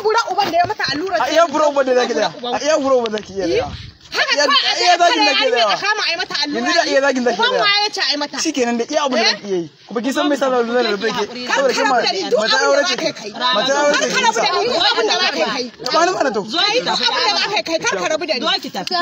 kan bura uban da ya mata allura a iya bura uban da zaki da a iya bura uban zaki iya da haka a iya zagin da ke da kama a mata allura yanzu da iya zagin da ke da yawa ya ce mata shikenan da iya abu da eh? zaki iya yi kuma kin san me yasa da lura ke saboda kin mata mata aure ce mata aure ce kin sa abin da zaka kai ba ni mana to abin da zaka kai kar ka rabu da ni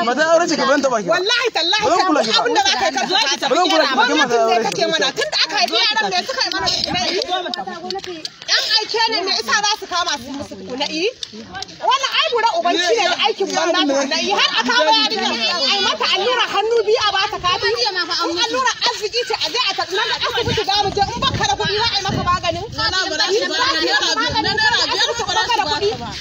mata aure ce ka ban ta baki wallahi tallahi abin da zaka kai ka ta baki gwamnatin da kake mana tunda aka haifi yaran ne suka yi mana yan aike ne me isa za su kama su na yi ai bura uban ci ne da aikin banza to na yi har a kawo yarinya ai mata allura hannu biyu a bata kafi in allura arziki ce a je a tafi nan asibiti da mu je in baka da kuɗi za a yi maka maganin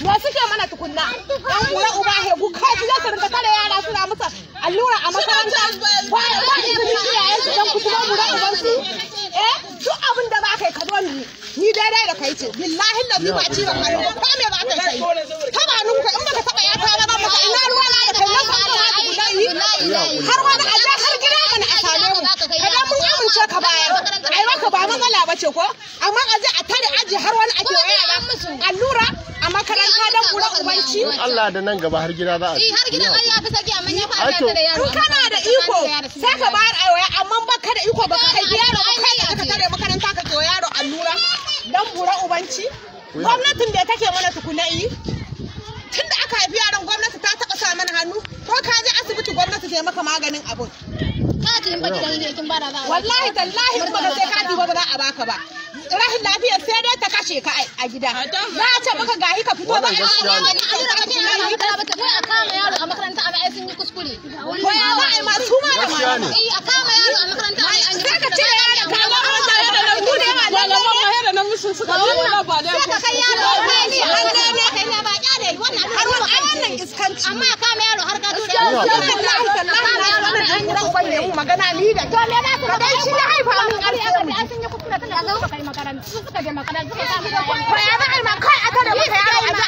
wa suke mana tukunna dan bura uba he ku kaji za ta rinka kare yara suna musa allura a makaranta na ce billahi ba ko me ba ka sai ka in baka taba ya ta ba ba ka ina ruwa la da kai masa Allah yi har wani aje har gida mana a same mu kadan mun amince ka bayar ai maka ba matsala ba ce ko amma a tare aji har wani ake allura a makaranta dan kura ubanci Allah da nan gaba har gida za a eh, har gida ya fi sake amma ya fi da yaro kana da iko sai ka bayar aiwaya amma baka da iko baka gwamnatin da take mana tukuna yi tun da aka haifi yaran gwamnati ta taɓa sa mana hannu ko ka je asibiti gwamnati ta maka maganin abun wallahi tallahi in baka sai ka ba ba za a baka ba rahin lafiya sai dai ta kashe ka a gida za a ce maka gahi ka fito ba a yi ba ta kai a kama yaro a makaranta a ma'aikin yi kuskure ko ya ba a yi masu ma da malamai a kama yaro a makaranta yaro har ka tura yaro yaro magana ni da to me da ka dai shi ya haifa mun ƙarfi da an sun yi kuskure tana zo kai makaranta suka je makaranta suka samu da kwaya ba ai ma kai aka da mutane